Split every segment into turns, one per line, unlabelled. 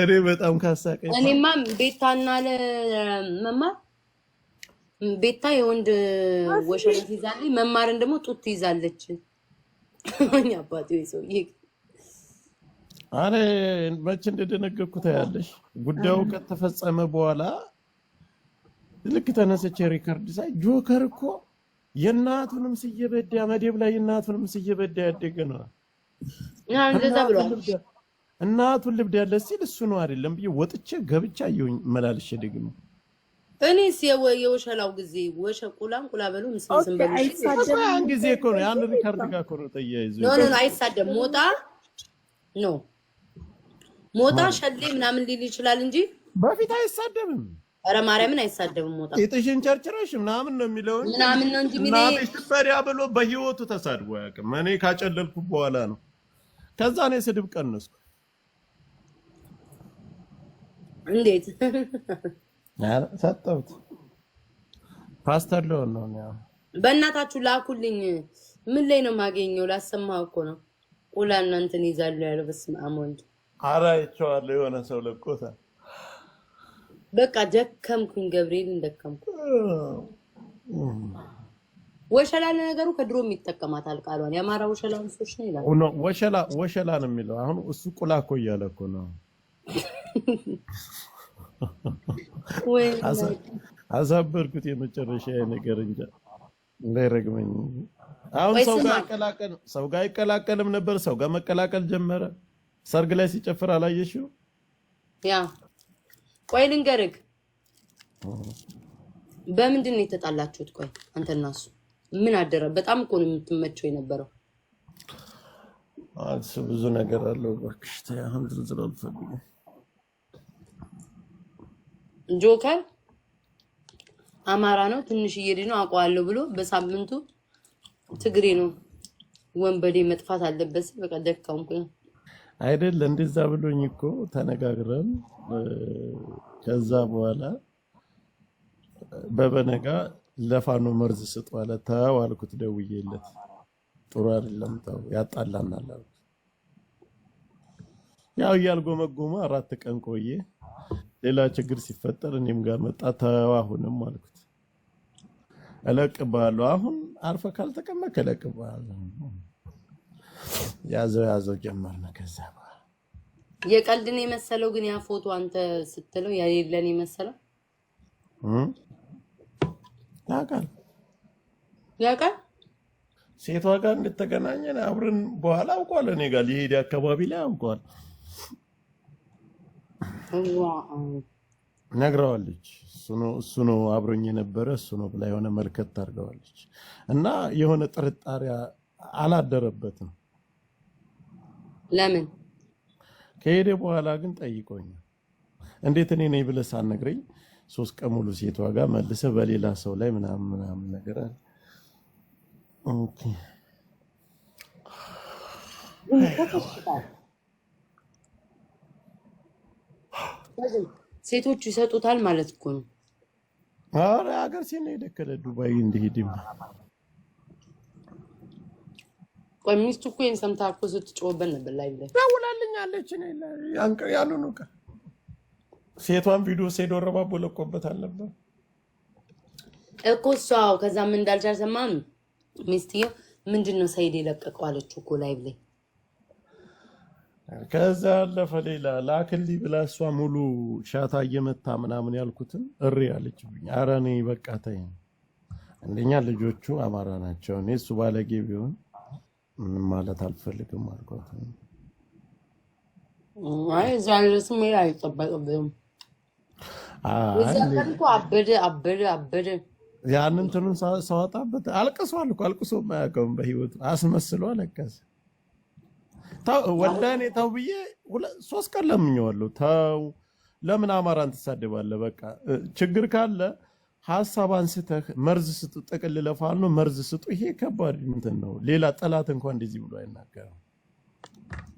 እኔ በጣም ካሳቀኝ
እኔማ ቤታና ለመማ ቤታ የወንድ ወሸት ይዛለች መማርን ደግሞ ጡት ትይዛለች። እኛ አባቴ ሰውዬ
አረ መቼ እንደደነገኩት ታያለሽ። ጉዳዩ ከተፈጸመ በኋላ ልክ ተነስቼ ሪከርድ ሳይ ጆከር እኮ የእናቱንም ስየበዳ መደብ ላይ የእናቱንም ስየበዳ ያደገ ነው። እናቱን ልብድ ያለ ሲል እሱ ነው አይደለም ብዬ ወጥቼ ገብቻ የውኝ መላልሽ ደግሞ
እኔስ የወሸላው ጊዜ ወሸ ቁላን ቁላ በሉ ምስምስም
ጊዜ እኮ ነው ያን ሪካርድ ጋር እኮ ነው ተያይዞ
አይሳደም ሞጣ ኖ ሞጣ ሸሌ ምናምን ሊል ይችላል እንጂ
በፊት አይሳደብም።
ኧረ ማርያምን አይሳደብም። ሞጣ
የጥሽን ቸርችረሽ ምናምን ነው የሚለው ምናምን ነው እንጂ ምናምን ትፈሪያ ብሎ በህይወቱ ተሳድቦ አያውቅም። እኔ ካጨለልኩ በኋላ ነው። ከዛ ነው ስድብ ቀነስኩ። እንዴት ሰጠሁት? ፓስተር ልሆን ነው።
በእናታችሁ ላኩልኝ። ምን ላይ ነው የማገኘው? ላሰማህ እኮ ነው። ቁላ እናንተን ይዛሉ ያለው በስመ አብ ወልድ።
ኧረ አይቼዋለሁ፣ የሆነ ሰው ለቆታል።
በቃ ደከምኩኝ፣ ገብርኤልን ደከምኩ። ወሸላ ለነገሩ ከድሮም ይጠቀማታል ቃሏን። የአማራ ወሸላ ነው ይላል።
ወሸላ ወሸላ ነው የሚለው አሁን እሱ ቁላ እኮ እያለ እኮ ነው አሳበርኩት። የመጨረሻ ነገር እንጃ እንዳይረግመኝ። አሁን ሰው ጋር አይቀላቀልም፣ ሰው ጋር አይቀላቀልም ነበር፣ ሰው ጋር መቀላቀል ጀመረ። ሰርግ ላይ ሲጨፍር አላየሽው?
ያ ቆይ ልንገርግ፣ በምንድን ነው የተጣላችሁት? ቆይ አንተና እሱ ምን አደረ? በጣም እኮ ነው የምትመቸው የነበረው።
ብዙ ነገር አለው። እባክሽ አሁን ዝርዝር አልፈልግም።
ጆከር አማራ ነው ትንሽዬ ልጅ ነው አውቀዋለሁ ብሎ በሳምንቱ ትግሬ ነው ወንበዴ መጥፋት አለበት። በቃ ደካምኩኝ
አይደል እንደዛ ብሎኝ እኮ ተነጋግረን ከዛ በኋላ በበነጋ ለፋኖ መርዝ ስጥ ማለት ተው አልኩት። ደውዬለት ጥሩ አይደለም ተው ያጣላናል አልኩት። ያው እያልጎመጎመ አራት ቀን ቆየ። ሌላ ችግር ሲፈጠር እኔም ጋር መጣ። ተው አሁንም አልኩት እለቅብሃለሁ። አሁን አርፈህ ካልተቀመጥክ እለቅብሃለሁ። ያዘው ያዘው ጀመር ነው። ከዛ
የቀልድን የመሰለው ግን ያ ፎቶ አንተ ስትለው የሌለን የመሰለው ያውቃል ያውቃል
ሴቷ ጋር እንደተገናኘን አብረን በኋላ አውቋል። እኔ ጋር ሊሄድ አካባቢ ላይ አውቋል። ነግረዋለች። እሱ ነው አብሮኝ የነበረ እሱ ነው ብላ የሆነ መልከት ታድርገዋለች። እና የሆነ ጥርጣሬ አላደረበትም። ለምን ከሄደ በኋላ ግን ጠይቆኛል። እንዴት እኔ ነኝ ብለህ ሳትነግረኝ ሶስት ቀን ሙሉ ሴቷ ጋር በሌላ ሰው ላይ ምናምን ምናምን ነገር አለ። ኦኬ
ሴቶቹ ይሰጡታል ማለት እኮ ነው።
አረ ሀገር ሴት ነው የደከለ ዱባይ እንዲሄድ
ቆይ ሚስቱ እኮ ይህን ሰምታ እኮ ስትጮህበት ነበር። ላይ ብለ
ደውላልኛለች። ያንቀ ያሉ ነው ሴቷን ቪዲዮ ሴዶ ረባቦ ለቆበት አልነበር
እኮ እሷ ከዛ ምን እንዳልቻል ሰማም ሚስትየው ምንድን ነው ሰይድ የለቀቀው አለችው እኮ ላይ ብለኝ
ከዛ ያለፈ ሌላ ላክሊ ብላ እሷ ሙሉ ሻታ እየመታ ምናምን ያልኩትን እሪ አለችብኝ። ኧረ እኔ በቃ ተይኝ። አንደኛ ልጆቹ አማራ ናቸው። እኔ እሱ ባለጌ ቢሆን ምንም ማለት አልፈልግም አልኳት። አይ እዛ ሰዋጣበት አልቅሶ አልኩ አልቅሶ አያውቀውም በህይወቱ አስመስሎ አለቀሰ። ወዳኔ ተው ብዬ ሶስት ቀን ለምኘዋለሁ። ተው ለምን አማራን ትሳደባለህ? በቃ ችግር ካለ ሀሳብ አንስተህ መርዝ ስጡ፣ ጥቅል ለፋኖ መርዝ ስጡ። ይሄ ከባድ እንትን ነው። ሌላ ጠላት እንኳን እንደዚህ ብሎ አይናገርም።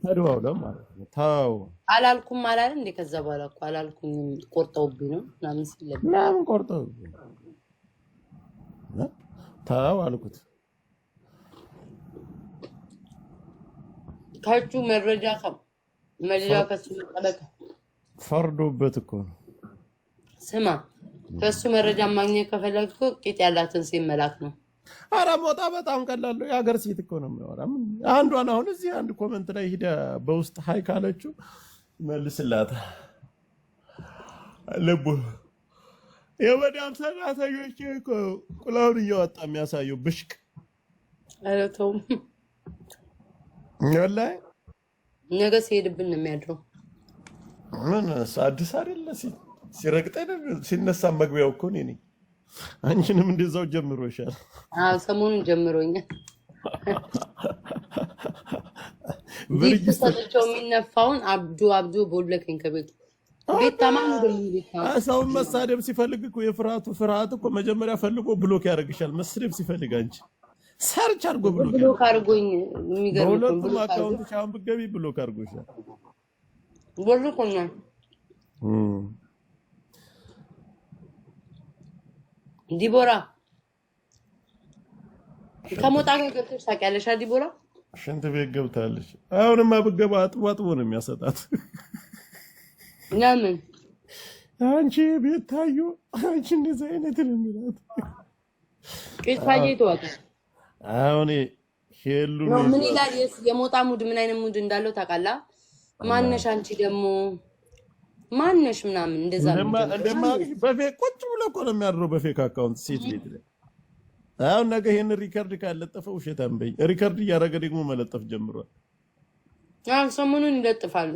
ተደዋውለ ለማለት ነው። ተው
አላልኩም አላል እንደ ከዛ በኋላ እኮ አላልኩም ቆርጠውብኝ ነው ምናምን ሲለኝ
ምናምን ቆርጠውብኝ ተው አልኩት።
ካቹ መረጃ መረጃ ከሱ መቀበል
ፈርዶበት እኮ ነው።
ስማ ከሱ መረጃ ማግኘት ከፈለግ ቂጥ ያላትን ሴት መላክ ነው።
አረ ሞጣ በጣም ቀላሉ የሀገር ሴት እኮ ነው የሚያወራ። አንዷን አሁን እዚህ አንድ ኮመንት ላይ ሂደ በውስጥ ሀይ ካለችው መልስላት። ልቡ የመዳም ሰራተኞች ቁላውን እያወጣ የሚያሳየው ብሽቅ አይነተውም ወላሂ
ነገ ሲሄድብን ነው የሚያድረው።
ምን አዲስ አይደለ? ሲነሳ መግቢያው እኮ እኔ ነኝ። አንቺንም እንደዛው ጀምሮሻል።
ሰሞኑን ጀምሮኛል። ሰቸው የሚነፋውን አብዱ አብዱ ቦለከኝ ከቤቱ
ሰውን መሳደብ ሲፈልግ የፍርሃቱ ፍርሃት እኮ መጀመሪያ ፈልጎ ብሎክ ያደርግሻል። መስደብ ሲፈልግ አንቺ ሰርች አድርጎ ብሎ በሁለቱም አሁን ብትገቢ
ዲቦራ ከሞጣ ጋር ገብተሽ ታውቂያለሽ? ዲቦራ
ሽንት ቤት ገብታለች። አሁንማ ብትገባ አጥቦ አጥቦ ነው የሚያሰጣት። ለምን አንቺ ቤት ታዩ አንቺ እንደዚህ አይነት ነው የሚላት ቄስ ታየ አሁን ሄሉ
ነው ምን ይላል? የሞጣ ሙድ ምን አይነት ሙድ እንዳለው ታውቃላ? ማነሽ አንቺ ደግሞ ማነሽ ምናምን እንደዛ
እንደማያውቅሽ በፌክ ቁጭ ብሎ እኮ ነው የሚያድረው በፌክ አካውንት ሴት ቤት ላይ። አሁን ነገ ይሄን ሪከርድ ካለጠፈ ውሸት በይ። ሪከርድ እያደረገ ደግሞ መለጠፍ ጀምሯል።
አሁን ሰሞኑን ይለጥፋሉ።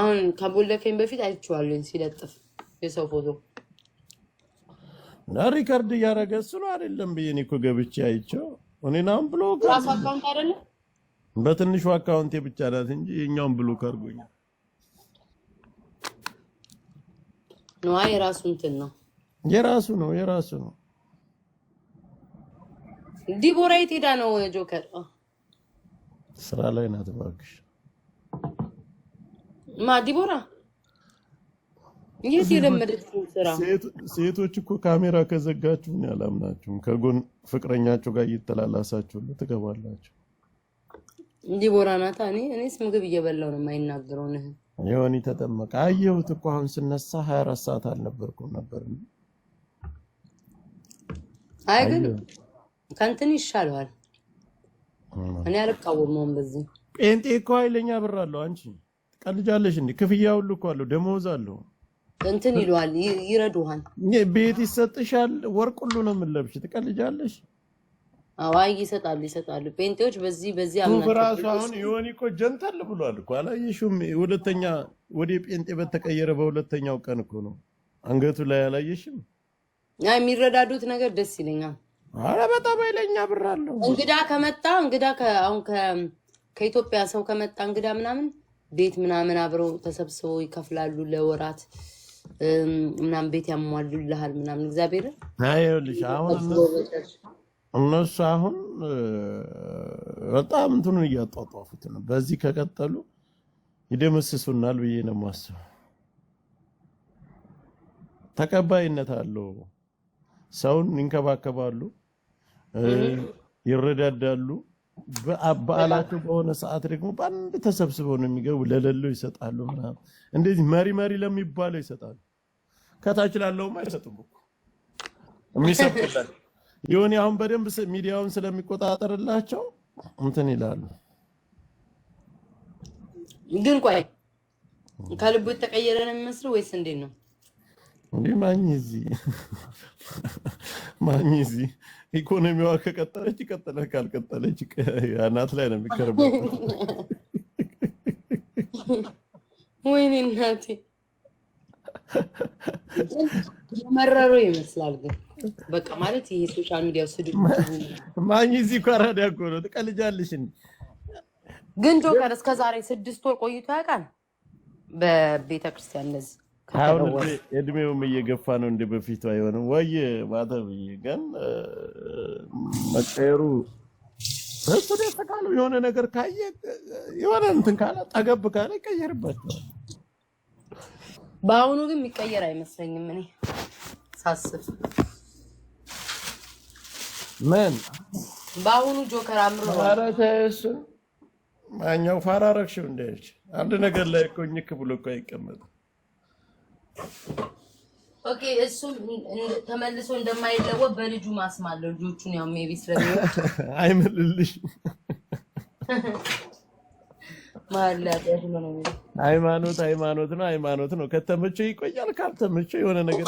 አሁን ከቦለፈኝ በፊት አይቼዋለሁ ሲለጥፍ የሰው ፎቶ
እና ሪከርድ እያደረገ እሱ ነው አይደለም ብዬ እኔ እኮ ገብቼ አይቼው እኔን አሁን በትንሹ አካውንቴ ብቻ ናት እንጂ የኛውን ብሎ ከርጎኛ
ነዋ የራሱ እንትን ነው
የራሱ ነው የራሱ ነው።
ዲቦራ የት ሄዳ ነው? ጆከር
ስራ ላይ ናት። እባክሽ
ማ ዲቦራ የት የለመደችው ስራ?
ሴቶች እኮ ካሜራ ከዘጋችሁ እኔ አላምናችሁም። ከጎን ፍቅረኛችሁ ጋር እየተላላሳችሁ ትገባላችሁ።
ዲቦራ ናታ። እኔ እኔስ ምግብ እየበላው ነው የማይናገረውን
ይሆን ተጠመቀ አየሁት እኮ አሁን ስነሳ ሀያ አራት ሰዓት አልነበርኩም ነበር።
አይ ግን ከንትን ይሻለዋል። እኔ አልቃወመውም። በዚህ
ጴንጤ እኮ ኃይለኛ ብር አለው። አንቺ ቀልጃለሽ እንዴ? ክፍያ ሁሉ እኮ አለው፣ ደሞዝ አለው
እንትን ይለዋል፣ ይረዱሃል።
ቤት ይሰጥሻል፣ ወርቅ ሁሉ ነው የምለብሽ። ትቀልጃለሽ።
አዋይ ይሰጣሉ፣ ይሰጣሉ። ጴንጤዎች በዚህ በዚህ
ራሱ አሁን የሆን እኮ ጀንታል ብሏል እኮ አላየሽውም? ሁለተኛ ወደ ጴንጤ በተቀየረ በሁለተኛው ቀን እኮ ነው አንገቱ ላይ አላየሽም?
የሚረዳዱት ነገር ደስ ይለኛል።
አረ በጣም አይለኛ ብር አለው።
እንግዳ ከመጣ እንግዳ አሁን ከኢትዮጵያ ሰው ከመጣ እንግዳ ምናምን ቤት ምናምን አብረው ተሰብስበው ይከፍላሉ ለወራት ምናምን ቤት ያሟሉልሃል ምናምን እግዚአብሔር
ይኸውልሽ አሁን እነሱ አሁን በጣም እንትኑን እያጧጧፉት ነው። በዚህ ከቀጠሉ ይደመስሱናል ብዬ ነው የማስበው። ተቀባይነት አለው። ሰውን ይንከባከባሉ፣ ይረዳዳሉ። በዓላቸው በሆነ ሰዓት ደግሞ በአንድ ተሰብስበው ነው የሚገቡ። ለሌለው ይሰጣሉ ምናምን እንደዚህ መሪ መሪ ለሚባለው ይሰጣሉ። ከታች ላለውም አይሰጡም እኮ ይሁን አሁን በደንብ ሚዲያውን ስለሚቆጣጠርላቸው እንትን ይላሉ።
ግን ቆይ ከልቡ የተቀየረ ነው የሚመስለው ወይስ እንዴት ነው?
እንዲህ ማኝ ማኝዚ ኢኮኖሚዋ ከቀጠለች ይቀጥላል፣ ካልቀጠለች አናት ላይ ነው የሚከርበት።
ወይኔ እናቴ የመረሩ ይመስላል። ግን በቃ ማለት ይሄ ሶሻል ሚዲያ ስድብ
ማኝዚ እኮ አራዳ እኮ ነው። ትቀልጃለሽ።
ግን ጆከር እስከ ዛሬ ስድስት ወር ቆይቶ ያውቃል በቤተክርስቲያን እነዚህ
አሁን እድሜውም እየገፋ ነው፣ እንደ በፊቱ አይሆንም ወይ ማታ ብዬ ግን መቀየሩ እሱ ደስ ካለው የሆነ ነገር ካየ የሆነ እንትን ካለ ጠገብ ካለ ይቀየርባቸዋል።
በአሁኑ ግን የሚቀየር አይመስለኝም። እኔ ሳስብ ምን በአሁኑ ጆከር አምሮ
እሱን ማኛው ፋራረክሽው ረግሽው አንድ ነገር ላይ እኮ እኝክ ብሎ እኮ አይቀመጥም።
ኦኬ እሱ ተመልሶ እንደማይለወጥ በልጁ ማስማለው ልጆቹን ያው ሜቢ ስለሚሆን
አይመልልሽ ሃይማኖት ሃይማኖት ነው፣ ሃይማኖት ነው። ከተመቸው ይቆያል፣ ካልተመቸው የሆነ ነገር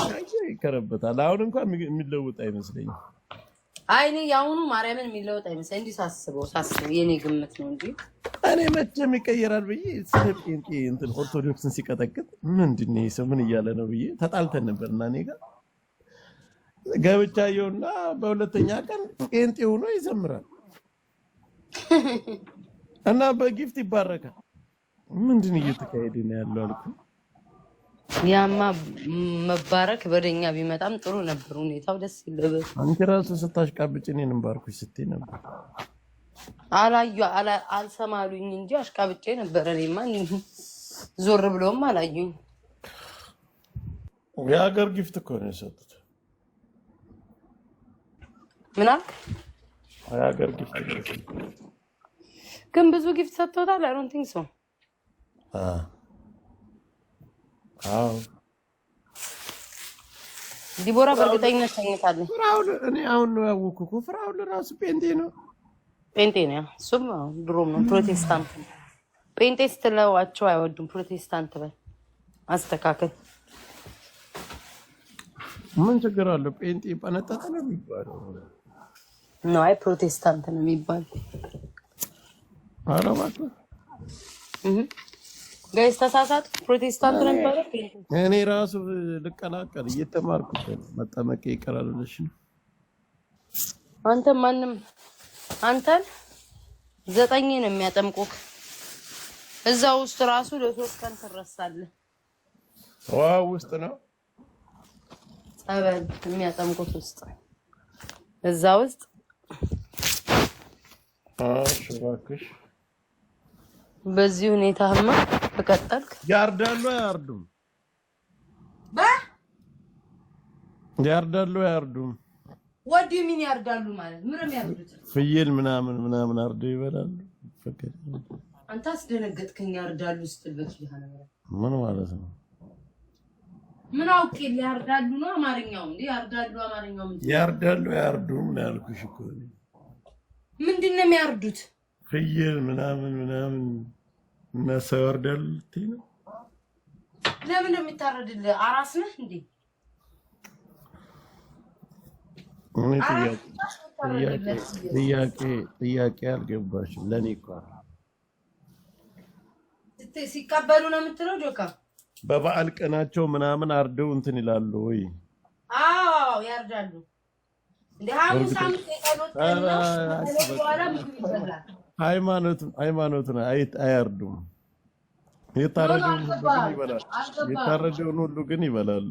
ይከረበታል። አሁን እንኳን የሚለውጥ አይመስለኝም።
አይ እኔ የአሁኑ ማርያምን የሚለውጥ አይመስለኝ እንዲህ ሳስበው ሳስበው የእኔ ግምት ነው እንጂ
እኔ መቼም ይቀየራል ብዬ ጴንጤ እንትን ኦርቶዶክስን ሲቀጠቅጥ ምንድን ነው ሰው ምን እያለ ነው ብዬ ተጣልተን ነበር እና እኔ ጋር ገብቻየውና በሁለተኛ ቀን ጴንጤ ሆኖ ይዘምራል እና በጊፍት ይባረካል። ምንድን እየተካሄደ ነው ያለው አልኩ።
ያማ መባረክ በደኛ ቢመጣም ጥሩ ነበር ሁኔታው፣ ደስ ይለበት።
አንቺ ራሱ ስታሽቃብጭ እኔንም ባርኩሽ ስትይ ነበር።
አላዩ አልሰማሉኝ እንጂ አሽቃብጬ ነበረ። እኔማ ዞር ብሎም አላዩኝ።
የሀገር ጊፍት እኮ ነው የሰጡት። ምናልክ የሀገር ጊፍት
ግን ብዙ ጊፍት ሰጥቶታል። አይ ዶንት ቲንክ ሶ። አዎ ዲቦራ በእርግጠኝነት ተኝታለች።
ፍራውን እኔ አሁን ነው ያወኩ እኮ ፍራውን ራሱ ጴንጤ ነው
ጴንጤ ነው። እሱም ድሮም ነው ፕሮቴስታንት። ጴንጤ ስትለዋቸው አይወዱም። ፕሮቴስታንት በል አስተካከል።
ምን ችግር አለው? ጴንጤ በነጠጠ ነው የሚባለው።
አይ ፕሮቴስታንት ነው የሚባል አረባት ጋይስ ተሳሳት። ፕሮቴስታንት ነው
እኔ ራሱ ልቀላቀል እየተማርኩ መጠመቅ ይቀራልልሽ
አንተ ማንም አንተን ዘጠኝ ነው የሚያጠምቁህ። እዛ ውስጥ ራሱ ለሶስት ቀን ትረሳለህ።
ውሃ ውስጥ ነው
ጸበል የሚያጠምቁት ውስጥ እዛ ውስጥ
እሺ፣ እባክሽ
በዚህ ሁኔታማ ተቀጠልክ።
ያርዳሉ አያርዱም? በ ያርዳሉ አያርዱም?
ወዲ ምን ያርዳሉ ማለት ምንም ያርዱት
ፍየል ምናምን ምናምን አርደው ይበላሉ።
አንተ አስደነገጥከኝ። ያርዳሉ ስትል
ምን ማለት ነው?
ምን አውቄ ሊያርዳሉ ነው አማርኛው እንዴ? ያርዳሉ አማርኛው ምንድን
ነው? ያርዳሉ ምን ያልኩሽ እኮ
ምንድን ነው የሚያርዱት?
ፍየል ምናምን ምናምን እና ሰው ያርዳሉ ልትይ ነው?
ለምን ነው የሚታረድልህ? አራስ ነህ እንዴ?
ጥያቄ አልገባሽም። ለእኔ እኮ
ሲቀበሉ ነው የምትለው። ጆካ
በበዓል ቀናቸው ምናምን አርደው እንትን ይላሉ ወይ?
አዎ ያርዳሉ። አያርዱም።
የታረደውን ሁሉ ግን ይበላሉ።